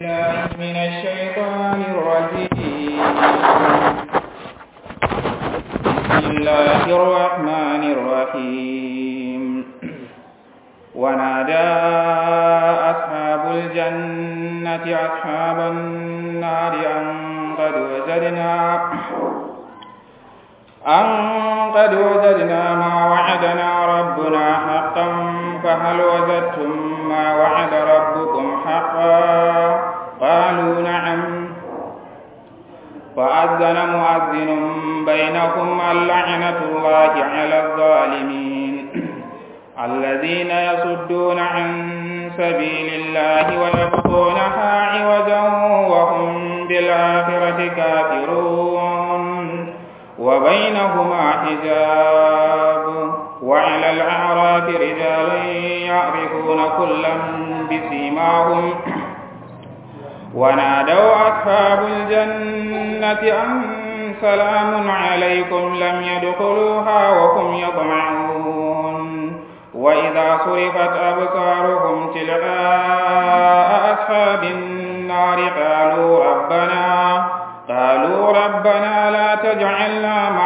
من الشيطان الرجيم بسم الله الرحمن الرحيم ونادى أصحاب الجنة أصحاب النار أن قد وجدنا أن قد وجدنا ما وعدنا ربنا حقا فهل وجدتم ما وعد ربكم حقا قالوا نعم فأذن مؤذن بينكم اللعنة الله على الظالمين الذين يصدون عن سبيل الله ويبقونها عوجا وهم بالآخرة كافرون وبينهما حجاب وعلى الأعراف رجال يعرفون كلا بسيماهم ونادوا أصحاب الجنة أن سلام عليكم لم يدخلوها وهم يطمعون وإذا صرفت أبصارهم تلقاء أصحاب النار قالوا ربنا قالوا ربنا لا تجعلنا مع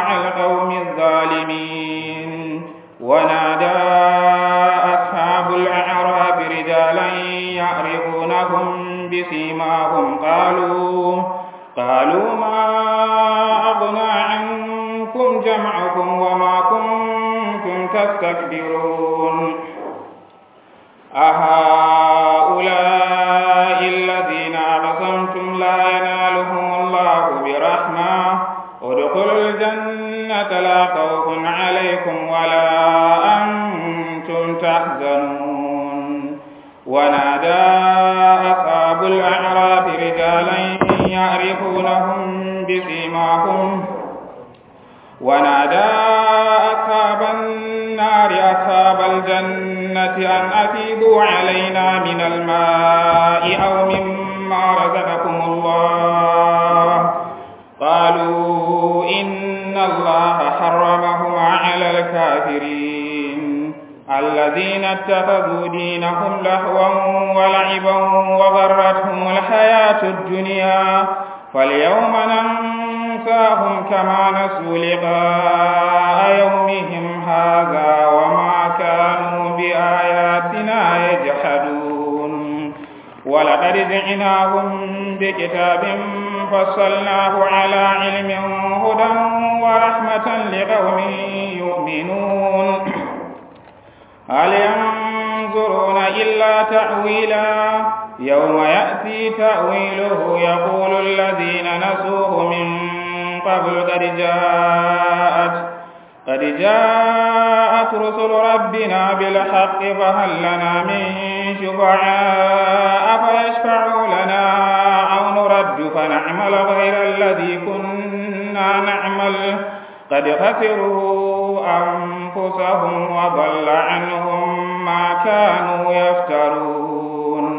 guarda اتخذوا دينهم لهوا ولعبا وغرتهم الحياة الدنيا فاليوم ننساهم كما نسوا لقاء يومهم هذا وما كانوا بآياتنا يجحدون ولقد جئناهم بكتاب فصلناه على علم هدى ورحمة لقوم تأويلا يوم يأتي تأويله يقول الذين نسوه من قبل قد جاءت قد جاءت رسل ربنا بالحق فهل لنا من شفعاء فيشفعوا لنا أو نرد فنعمل غير الذي كنا نعمل قد خسروا أنفسهم وضل عنهم كانوا يفترون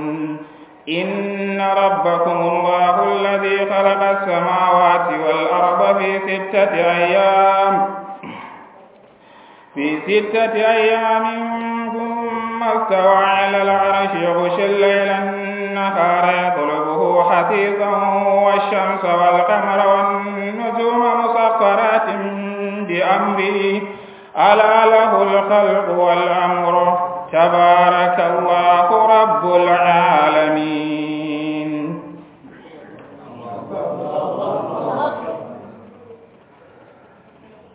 إن ربكم الله الذي خلق السماوات والأرض في ستة أيام في ستة أيام ثم استوى على العرش يغشي الليل النهار يطلبه حثيثا والشمس والقمر والنجوم مسخرات بأمره ألا له الخلق والأمر تبارك الله رب العالمين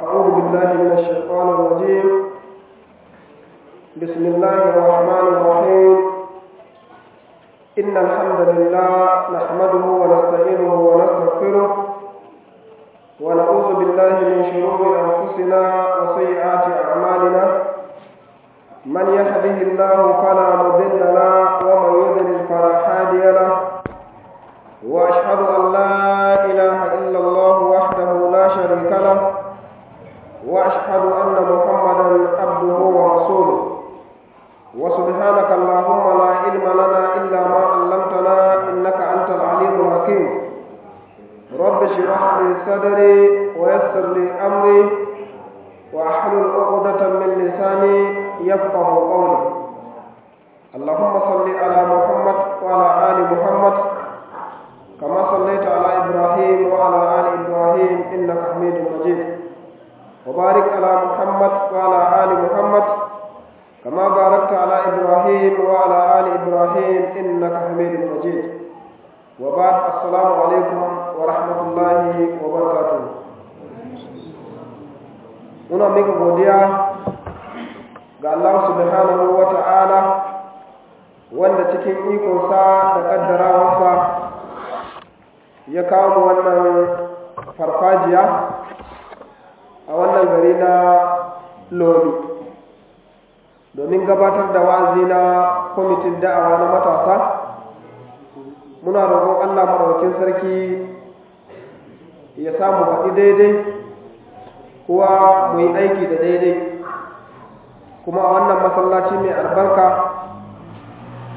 أعوذ بالله من الشيطان الرجيم بسم الله الرحمن الرحيم إن الحمد لله نحمده ونستعينه ونستغفره ونعوذ بالله من شرور أنفسنا وسيئات أعمالنا من يهده الله فلا مضل له ومن يضلل فلا هادي له واشهد ان لا اله الا الله وحده لا شريك له واشهد ان محمدا عبده ورسوله وسبحانك اللهم لا علم لنا الا ما علمتنا انك انت العليم الحكيم رب اشرح لي صدري ويسر لي امري واحلل عقده من لساني يفقه قولي اللهم صل على محمد وعلى آل محمد كما صليت على إبراهيم وعلى آل إبراهيم إنك حميد مجيد وبارك على محمد وعلى آل محمد كما باركت على إبراهيم وعلى آل إبراهيم إنك حميد مجيد وبعد السلام عليكم ورحمة الله وبركاته Una mika godiya ga Allah subhanahu wa ta'ala wanda cikin iko sa da ƙaddarawarsa ya kawo mu wannan farfajiya a wannan gari na lori, domin gabatar da wa'azi na kwamitin da'awa na matasa muna roƙon Allah maɗaukin sarki ya samu faɗi daidai kuwa mu yi aiki da daidai kuma a wannan masallaci mai albarka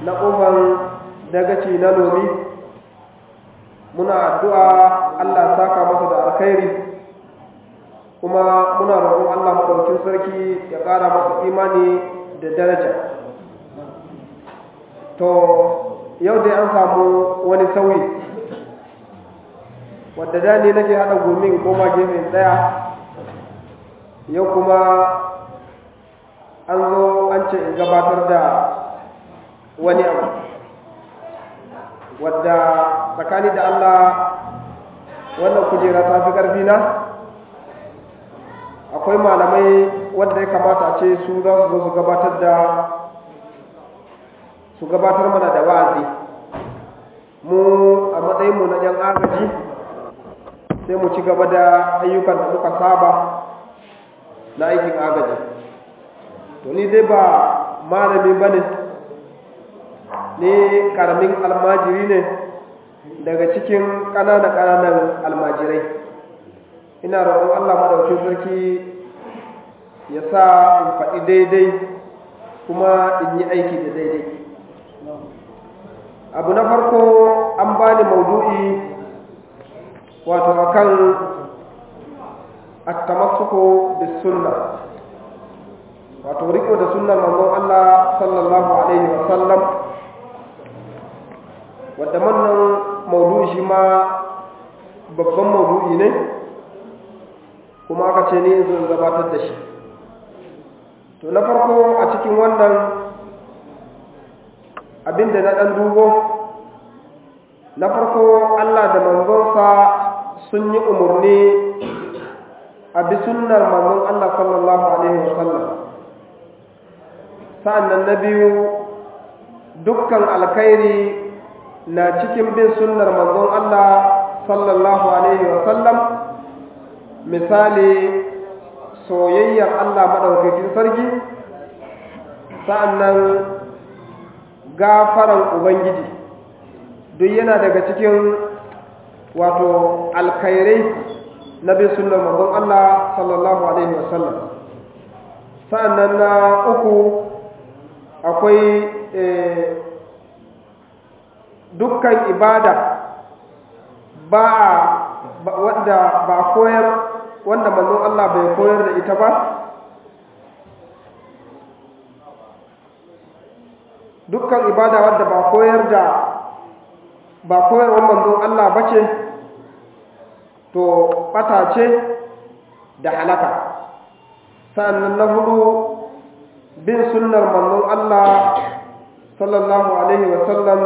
na ƙofar dagaci na lomi muna addu'a Allah saka masa da alkhairi kuma muna roƙon Allah maɗaukin sarki ya ƙara masa imani da daraja to yau dai an samu wani sauyi wadda da ne nake haɗa gomin goma gefen ɗaya yau kuma an zo an ce in gabatar da wani abu wadda tsakani da Allah wannan kujera ta fi ƙarfi na akwai malamai wadda ya kamata ce su za su zo su gabatar da su gabatar mana da wa'azi mu a mu na 'yan agaji sai mu ci gaba da ayyukan da muka saba na aikin agaji to ni dai ba malami ba ne ni karamin almajiri ne daga cikin ƙananan ƙananan almajirai ina roƙon allah maɗaukin sarki ya sa in faɗi daidai kuma in yi aiki da daidai abu na farko an ba ni maudu'i wato akan at-tamassuku bis sunnah wato riko da sunnar manzon Allah sallallahu alaihi wasallam wadda wannan maudu'i shi ma babban maudu'i ne kuma aka ce ne yanzu gabatar da shi to na farko a cikin wannan abinda na dan dubo na farko Allah da manzonsa sun yi umarni a bi sunnar manzon Allah sallallahu alaihi wasallam sa'annan na biyu dukkan alkhairi na cikin bin sunnar manzon Allah sallallahu alaihi wa sallam misali soyayyar Allah madaukakin sarki sa'annan gafaran ubangiji duk yana daga cikin wato alkhairai na bin sunnar manzon Allah sallallahu alaihi wa sallam sa'annan na uku akwai e, dukkan ibada ba a wanda ba koyar wanda manzon Allah bai koyar da ita ba dukkan ibada wanda ba koyar da ba koyarwar manzon Allah ba ce to ɓata ce da halaka sa'an nan na hudu bin sunnar manzon Allah sallallahu alaihi wasallam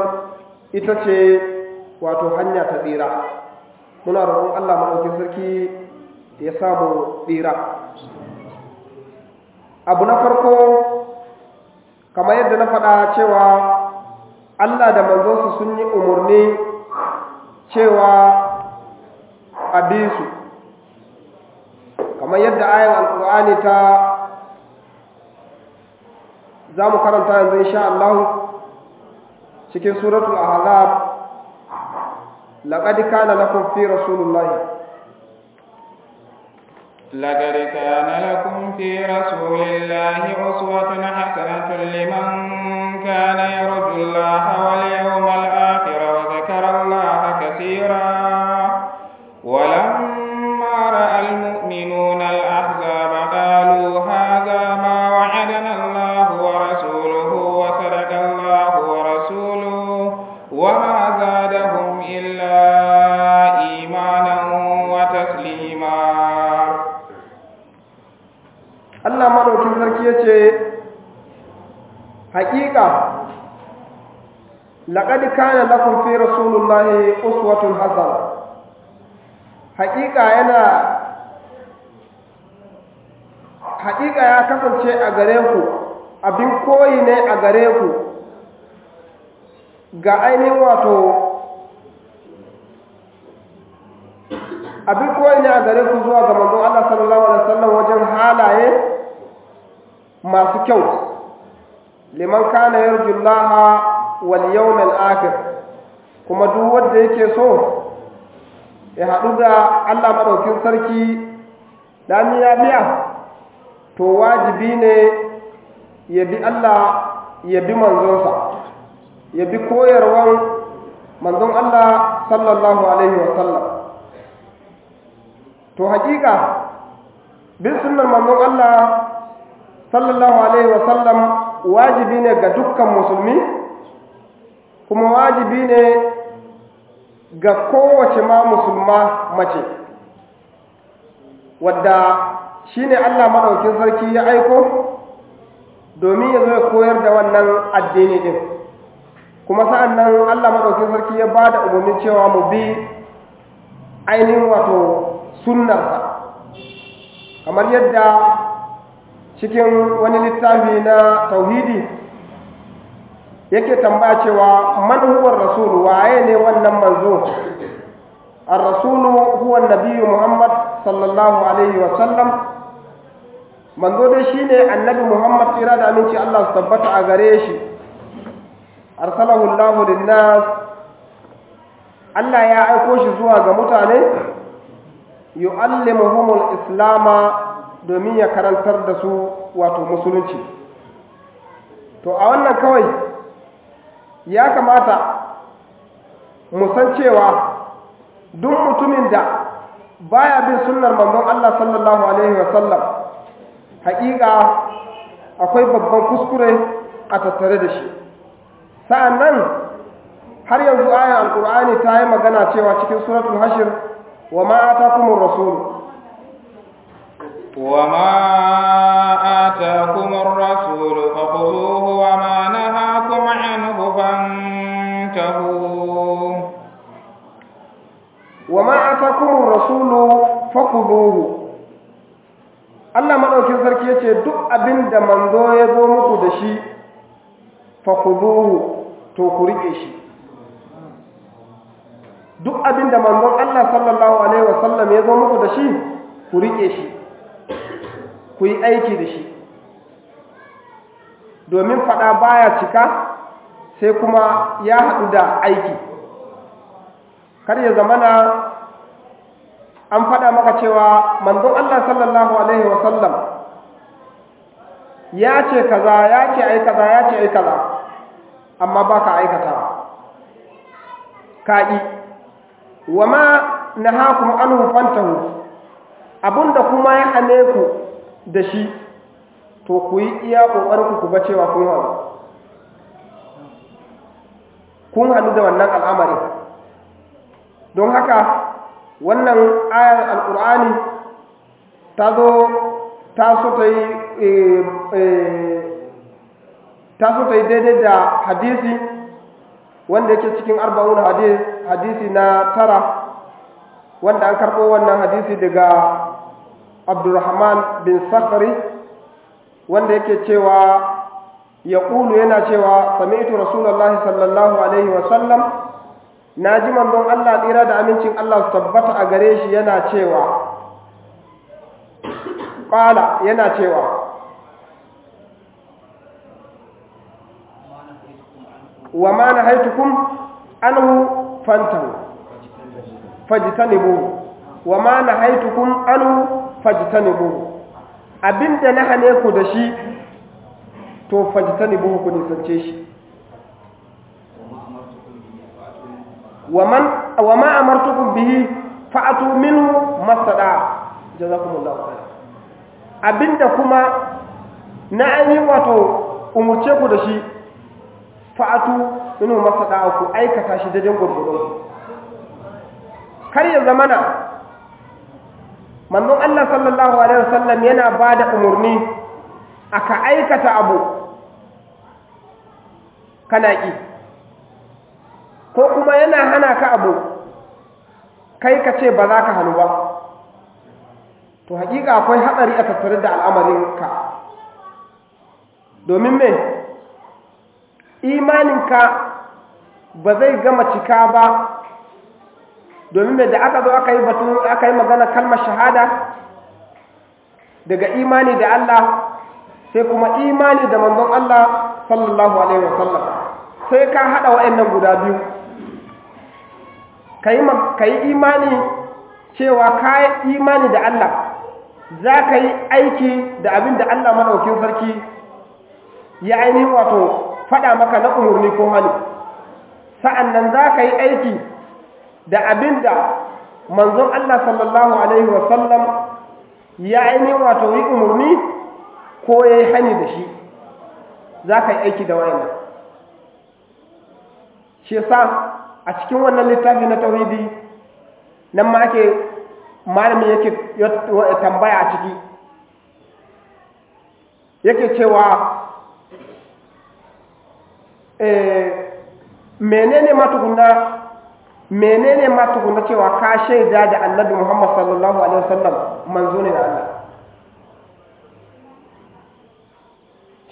ita ce wato hanya ta tsira muna roƙon Allah ma'aikin sarki ya samu tsira abu na farko kamar yadda na faɗa cewa Allah da manzonsu sun yi umarni cewa a bi su kamar yadda ayan alƙur'ani ta za mu karanta yanzu insha Allah cikin suratul ahzab laqad kana lakum fi rasulillah laqad kana lakum fi rasulillah uswatun hasanatun liman kana yarjullaha wal yawmal laqad kana lakum fi rasulillahi uswatun hasana haƙiƙa yana haƙiƙa ya kasance a gare ku abin koyi ne a gare ku ga ainihin wato abin koyi ne a gare ku zuwa ga Allah sallallahu alaihi wasallam wajen halaye masu kyau liman kana yarjullaha wal yawmil akhir kuma duk wanda yake so ya haɗu da Allah maɗaukin sarki lami biya. to wajibi ne ya bi Allah ya bi manzonsa ya bi koyarwan manzon Allah sallallahu alaihi wasallam to haƙiƙa bin sunnar manzon Allah sallallahu alaihi wasallam wajibi ne ga dukkan musulmi kuma wajibi ne ga kowace ma musulma mace wadda ne Allah maɗaukin sarki ya aiko domin ya zo ya koyar da wannan addini din kuma sa'annan Allah maɗaukin sarki ya ba da umarni cewa mu bi ainihin wato sunnarsa kamar yadda cikin wani littafi na tauhidi yake tambaya cewa man rasulu waye ne wannan manzo ar-rasulu huwa nabiyyu muhammad sallallahu alaihi wa sallam manzo dai shine annabi muhammad tira da aminci Allah su tabbata a gare shi arsalahu Allah linnas Allah ya aiko shi zuwa ga mutane yu'allimuhumul islama domin ya karantar da su wato musulunci to a wannan kawai ya kamata mu san cewa duk mutumin da baya bin sunnar manzon Allah sallallahu alaihi wa sallam haƙiƙa akwai babban kuskure a tattare da shi sa'annan har yanzu ayan alqur'ani ta yi magana cewa cikin suratul hashir wa ma atakumur rasul wa ma atakumur rasul amrun rasulu fakuduhu Allah maɗaukin sarki ya ce duk abin da manzo ya zo muku da shi fakuduhu to ku riƙe shi duk abin da manzo Allah sallallahu alaihi wasallam ya zo muku da shi ku riƙe shi ku yi aiki da shi domin faɗa baya cika sai kuma ya haɗu da aiki kar ya zamana an faɗa maka cewa manzon Allah sallallahu alaihi wasallam ya ce kaza ya ce ai kaza ya ce ai kaza amma ba ka aikatawa ka'i wa ma nahakum anhu fantahu abunda kuma ya hane ku da shi to ku yi iya ƙoƙarinku ku ba cewa kun haɗu kun haɗu da wannan al'amarin don haka wannan ayar al’ur'ani ta zo eh, eh, ta so ta yi daidai da hadisi wanda yake cikin arba'un hadisi na tara wanda an karɓo wannan hadisi daga abdurrahman bin sakari wanda yake cewa ya ƙulu yana cewa sami'tu rasulallah sallallahu alaihi wasallam na ji manzon Allah tsira da amincin Allah su tabbata a gare shi yana cewa ƙwala yana cewa wa ma na haitukum anhu fantahu fajtanibu wa ma na haitukum anhu fajtanibu abinda na hane ku da shi to fajtanibu ku nisance shi wa man wa ma amartukum bihi fa'atu جزاكم الله خيرا khairan abinda kuma na ani wato umurce ku da shi fa'atu minu masada ku aikata shi daidai ku. kar ya zamana manzon Allah sallallahu alaihi wasallam yana bada umurni aka aikata abu kana ki ko kuma yana hana ka abu kai ka ce ba za ka hannu ba to hakika akwai haɗari a tattare da al'amarinka domin me imaninka ba zai gama cika ba domin me da aka zo aka yi batun aka yi magana kalmar shahada daga imani da Allah sai kuma imani da manzon Allah sallallahu alaihi wasallam sai ka hada wa'annan guda biyu ka yi imani cewa ka yi imani da Allah za ka yi aiki da abin da Allah maɗaukin sarki ya ainihin wato faɗa maka na umarni ko hannu sa'an nan za ka yi aiki da abin da manzon Allah sallallahu Alaihi wasallam ya ainihin wato yi umarni ko ya yi hannu da shi za ka yi aiki da wayannan shi sa a cikin wannan littafi na tauhidi nan ma ake malamin yake tambaya a ciki yake cewa eh, menene matukuna menene matukuna cewa ka shaida da annabi Muhammad sallallahu alaihi wasallam manzo ne da Allah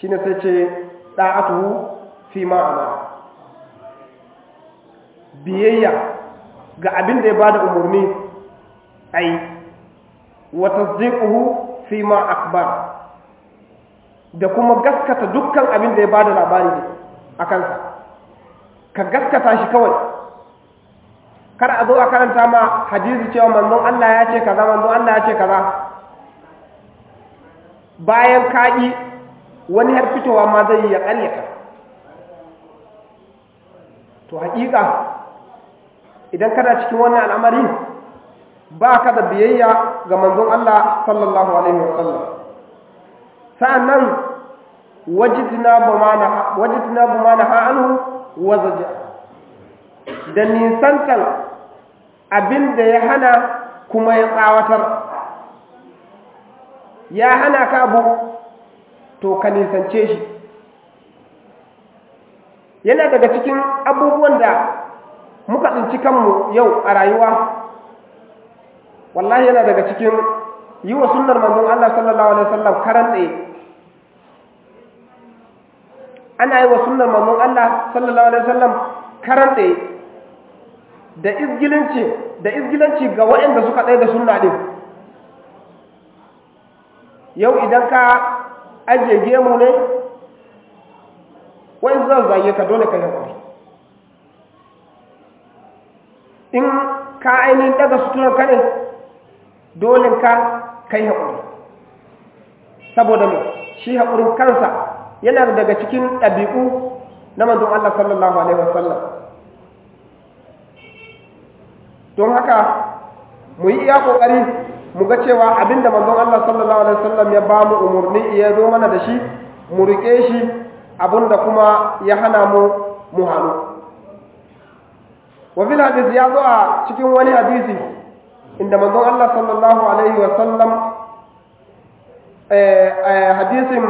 shine sai ce da'atuhu fi ma'ana biyayya ga abin da ya bada umarni ai wata zikuhu fi ma akbar da kuma gaskata dukkan abin da ya bada labari ne a kansa ka gaskata shi kawai kar a zo a karanta ma hadisi cewa manzon Allah ya ce kaza manzon Allah ya ce kaza bayan kaɗi wani har fitowa ma zai yi ya ka. to haƙiƙa idan kana cikin wannan al'amari, ba ka da biyayya ga manzon Allah sallallahu alaihi wasallam sa'annan wajidna bumana wajidna bumana anhu wazaja da nisantan abin da ya hana kuma ya tsawatar ya hana ka abu to ka nisance shi yana daga cikin abubuwan da muka tsinci kanmu yau a rayuwa wallahi yana daga cikin yi wa sunar manzon Allah sallallahu alaihi wasallam karantse ana yi wa sunar manzon Allah sallallahu alaihi wasallam karantse da izgilanci da izgilanci ga waɗanda suka tsaye da suna ɗin yau idan ka ajiye gemu ne wa'in za zage ka dole ka yi in ka ainihin daga suturar kare dole ka kai haƙuri saboda mai shi haƙurin kansa yana daga cikin ɗabi'u na manzon Allah sallallahu alaihi wasallam don haka mu yi iya ƙoƙari mu ga cewa abinda manzon Allah sallallahu alaihi wasallam ya ba mu umarni ya zo mana da shi mu riƙe shi abinda kuma ya hana mu mu hannu Wafin fil hadis ya zo a cikin wani hadisi inda manzon Allah sallallahu alaihi wa sallam eh, eh, hadisin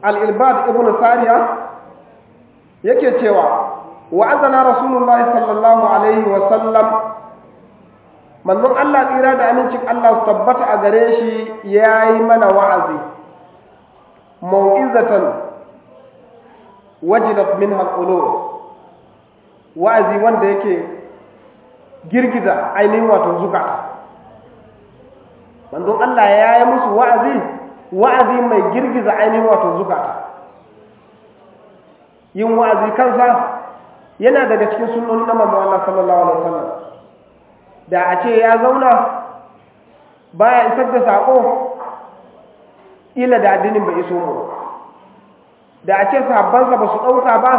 al-ilbad ibn sariya yake cewa wa azana rasulullah sallallahu alaihi wa sallam manzon Allah tsira da amincin Allah su tabbata a gare shi ya yi mana wa'azi mau'izatan wajilat min al-qulub wa'azi wanda yake girgiza ainihin wato zukata manzon Allah ya yi musu wa'azi wa'azi mai girgiza ainihin wato zukata yin wa'azi kansa yana daga cikin sunnoni naman manzon Allah sallallahu alaihi wasallam da a ce ya zauna baya isar da sako ila da addinin bai iso mu da a ce sahabbansa ba su ɗauka ba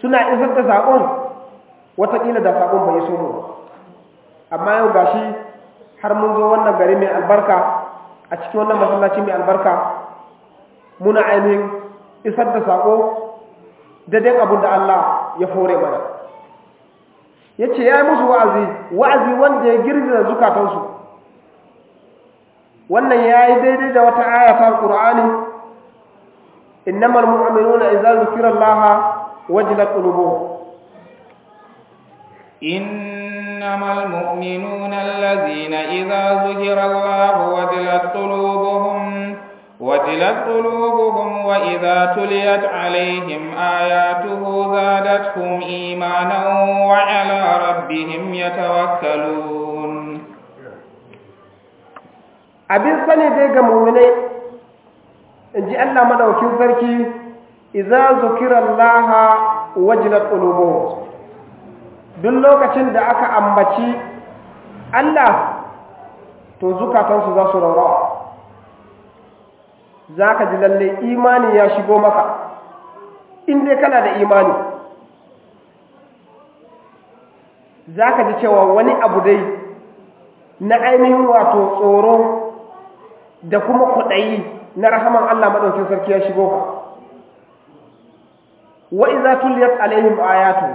suna isar da saƙon Wataƙila da saƙon bai so mu amma yau gashi har mun zo wannan gari mai albarka a cikin wannan masallaci mai albarka muna ainihin isar da saƙo daidai abin da Allah ya fore mana ya ce ya yi musu wa'azi wa'azi wanda ya girgiza zukatansu wannan ya yi daidai da wata ayata ƙur'ani إنما المؤمنون إذا ذكر الله وجلت قلوبهم إنما المؤمنون الذين إذا ذكر الله وجلت قلوبهم وجلت قلوبهم وإذا تليت عليهم آياته زادتهم إيمانا وعلى ربهم يتوكلون أبي صلي ديغا مؤمنين in ji Allah maɗaukin sarki idza zukira laha wajilat qulubuhum duk lokacin da aka ambaci Allah to zukatansu za su raurawa za ka ji lalle imani ya shigo maka in dai kana da imani za ka ji cewa wani abu dai na ainihin wato tsoro da kuma kwaɗayi na rahaman Allah madaukin sarki ya shigo ka wa idza tuliyat alaihim ayatu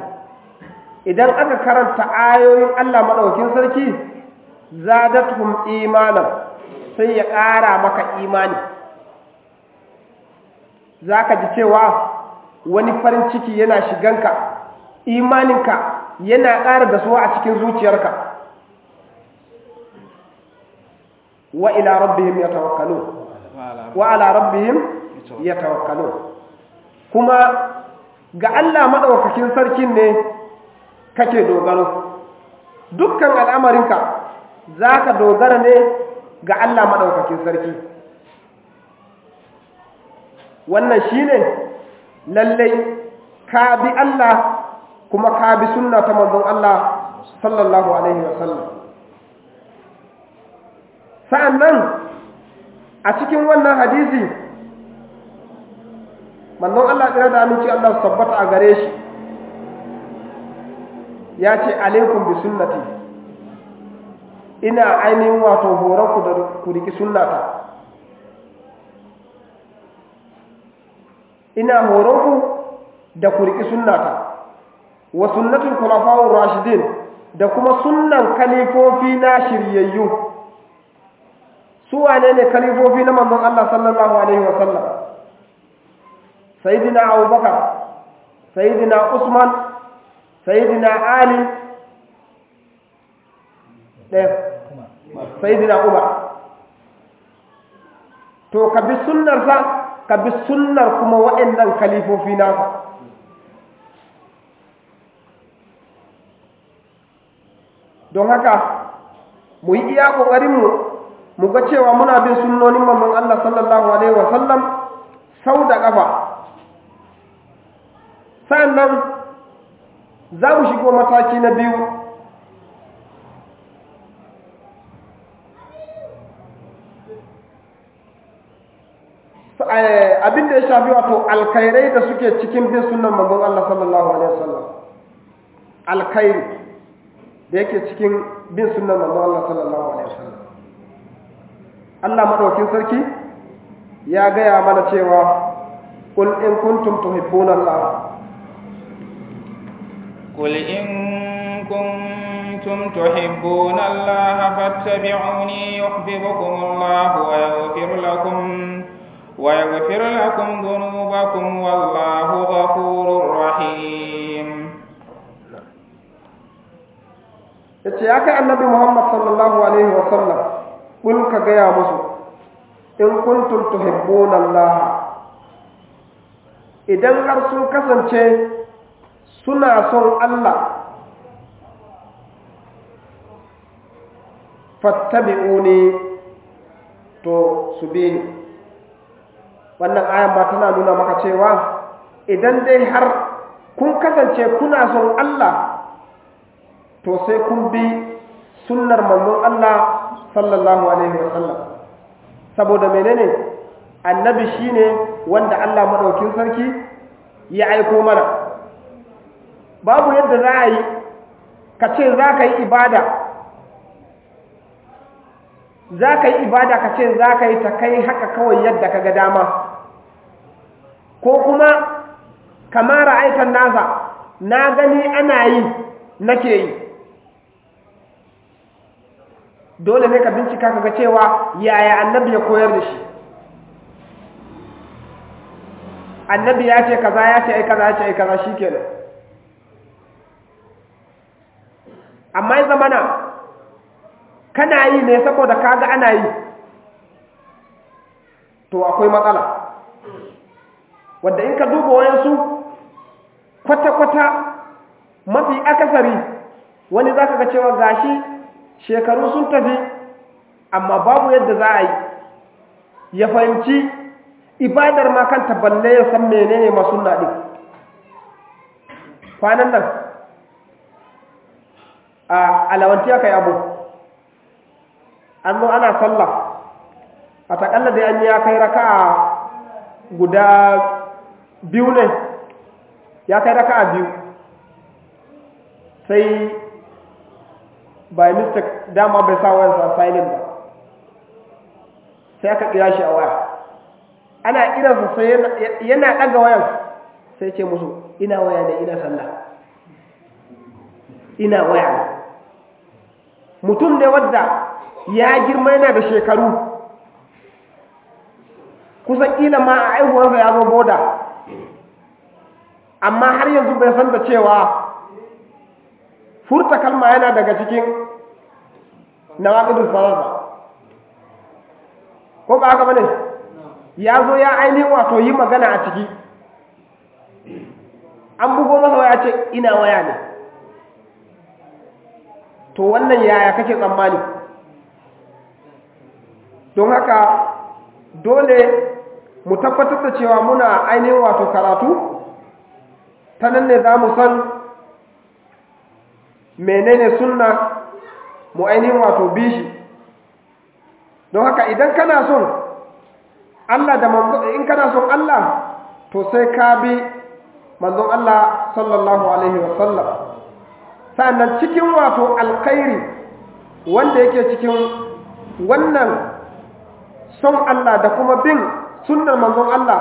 idan aka karanta ayoyin Allah madaukin sarki zadatuhum imanan sai ya ƙara maka imani zaka ji cewa wani farin ciki yana shiganka imaninka yana ƙara suwa a cikin zuciyarka wa ila rabbihim yatawakkalun wa ala rabbihim yatawakkalun kuma ga Allah madaukakin sarki ne kake dogaro dukkan al'amarinka zaka dogara ne ga Allah madaukakin sarki wannan shine lallai ka bi Allah kuma ka bi sunna ta manzon Allah sallallahu alaihi wasallam sa'annan a cikin wannan hadisi mannan Allah tsira da aminci Allah su tabbata a gare shi ya ce alaikum bi sunnati ina ainihin wato horon ku da ku riki sunnata ina da ku riki sunnata wa sunnatul khulafa'ur rashidin da kuma sunnan kalifofi na shiryayyu su wane ne kalifofi na manzon Allah sallallahu alaihi wa sallam sayyidina Abubakar sayyidina Usman sayyidina Ali ɗaya sayyidina Umar to ka bi sunnarsa ka bi sunnar kuma waɗannan kalifofi nasa don haka mu yi iya ƙoƙarinmu mu ga cewa muna bin sunnonin mamman Allah sallallahu alaihi wasallam sau da ƙafa sannan za mu shigo mataki na biyu eh, abin da ya shafi wato alkairai da suke cikin bin sunan manzon Allah sallallahu alaihi wasallam alkhairi da yake cikin bin sunan manzon Allah sallallahu alaihi wasallam Allah madaukin sarki ya gaya mana cewa qul in kuntum tuhibbuna Allah qul in kuntum tuhibbuna Allah fattabi'uni yuhibbukum Allah wa yaghfir lakum wa yaghfir lakum dhunubakum wallahu ghafurur rahim yace ya kai annabi Muhammad sallallahu alaihi wa sallam kun ka gaya musu in kuntum tuhibbuna Allah idan har sun kasance suna son Allah fattabi'uni to su wannan ayan ba tana nuna maka cewa idan dai har kun kasance kuna son Allah to sai kun bi sunnar manzon Allah sallallahu alaihi wa sallam saboda menene annabi shine wanda Allah madaukin sarki ya aiko mana babu yadda za a yi ka ce za ka yi ibada za ka yi ibada ka ce za ka yi ta kai haka kawai yadda ka ga dama ko kuma kamar aikan nasa na gani ana yi nake yi dole ne ka bincika ka ga cewa yaya annabi ya koyar da shi annabi ya ce kaza ya ce ai kaza ya ce ai kaza shikenan amma ya zamana kana yi ne saboda kaga ana yi to akwai matsala wadda in ka duba wayansu kwata-kwata mafi akasari wani za ka ga cewa gashi shekaru sun tafi amma babu yadda za a yi ya fahimci ibadar ma kanta balle ya san menene ma masu naɗi kwanan nan a alawanci aka yi abu an zo ana sallah a taƙalla da yanyi ya kai a guda biyu ne ya kai raka'a biyu sai by mistake dama bai sa wayansa silent ba sai aka kira shi a waya ana kiransa sai yana ɗaga wayan sai ce musu ina waya ne ina sallah ina waya ne mutum da wadda ya girma yana da shekaru kusan ƙila ma a aihuwarsa ya zo boda amma har yanzu bai san da cewa furta kalma yana daga cikin nawaqidul faraza ko ba haka bane ya zo ya aini wato yi magana a ciki an bugo masa waya ce ina waya ne to wannan yaya kake tsammani don haka dole mu tabbatar da cewa muna ainihin wato karatu ta nan ne za mu san menene sunna mu ainihin wato bishi don haka idan kana son Allah da manzo in kana son Allah to sai ka bi manzon Allah sallallahu alaihi wasallam sannan cikin wato alkhairi wanda yake cikin wannan son Allah da kuma bin sunnar manzon Allah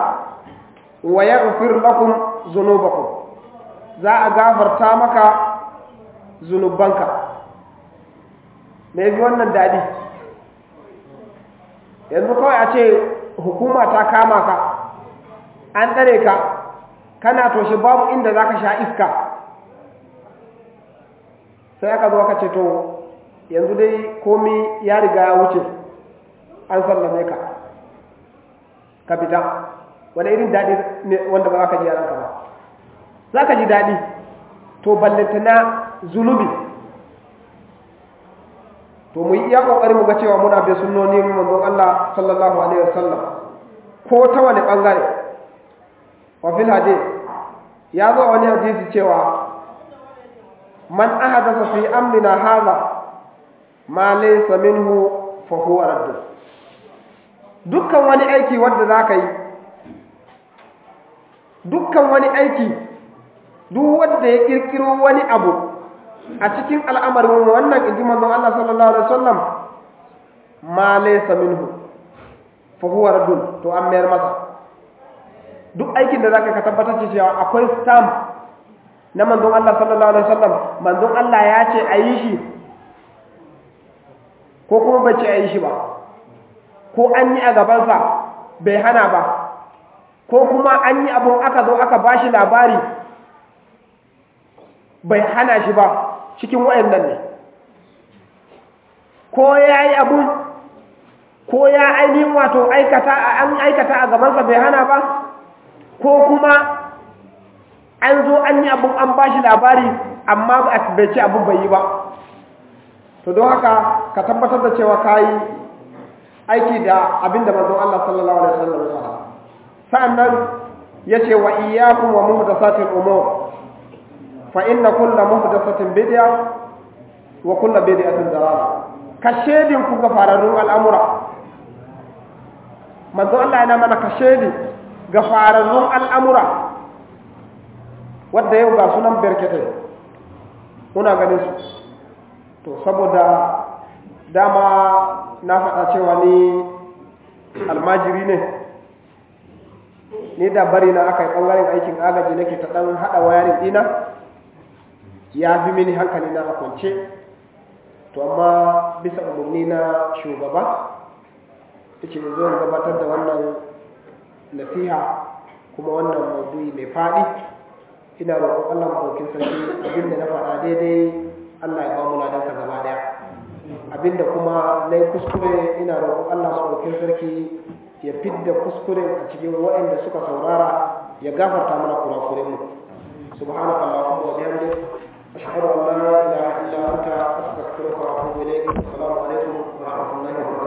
wa yaghfir lakum dhunubakum za a gafarta maka zunubanka me yafi wannan daɗi yanzu kawai a ce hukuma ta kama ka an ɗare ka kana toshe babu inda za ka sha iska sai aka zo aka ce to yanzu dai komi ya riga ya wuce an sallame ka ka fita wani irin daɗi ne wanda ba za ka ji yaranka ba za ka ji daɗi to ballantana Zulubi. to mu iya kokari mu ga cewa muna bi sunnonin manzon Allah sallallahu alaihi wasallam ko ta wani bangare wa fil hadith ya zo wani hadisi cewa man ahdatha fi amrina hadha ma laysa minhu fa huwa radd dukkan wani aiki wanda zaka yi dukkan wani aiki duk wanda ya kirkiro wani abu a cikin al'amarin wannan ji manzon Allah sallallahu alaihi wasallam ma laysa minhu fa huwa raddun to an mayar masa duk aikin da zaka ka tabbatar cewa akwai stamp na manzon Allah sallallahu alaihi wasallam manzon Allah ya ce a yi shi ko kuma bai ce a yi shi ba ko an yi a gabansa bai hana ba ko kuma an yi abun aka zo aka bashi labari bai hana shi ba cikin waɗannan ne ko ya yi abu ko ya ainihin wato aikata an aikata a gabansa bai hana ba ko kuma an zo an yi abun an bashi labari amma bai abu bai yi ba to don haka ka tabbatar da cewa ka yi aiki da abin da mazan Allah sallallahu alaihi wasallam ya ce, sa'annan yace wa mu da satin umar. fa’in na kulla muhdasatin bidiya wa kulla bidiyatin zarara ka shedin ku ga fararrun al’amura manzo Allah yana mana ka ga fararrun al’amura wadda yau ga sunan berkete kuna ganin su to saboda dama na faɗa cewa ni almajiri ne ni da bari na aka yi ɓangaren aikin agaji nake ta ɗan haɗa wayarin dina ya fi mini hankali na kwance to amma bisa umarni na shugaba ce da zuwa gabatar da wannan nasiha kuma wannan maudu'i mai faɗi ina roƙon allah maɗaukin sarki abinda na faɗa daidai allah ya bamu mu ka gaba ɗaya abinda kuma na yi kuskure ina roƙon allah maɗaukin sarki ya fidda kuskure a cikin waɗanda suka saurara ya gafarta mana kurakurenmu subhanakallahumma wa أشهد أن لا إله إلا أنت أستغفرك وأتوب إليك السلام عليكم ورحمة الله وبركاته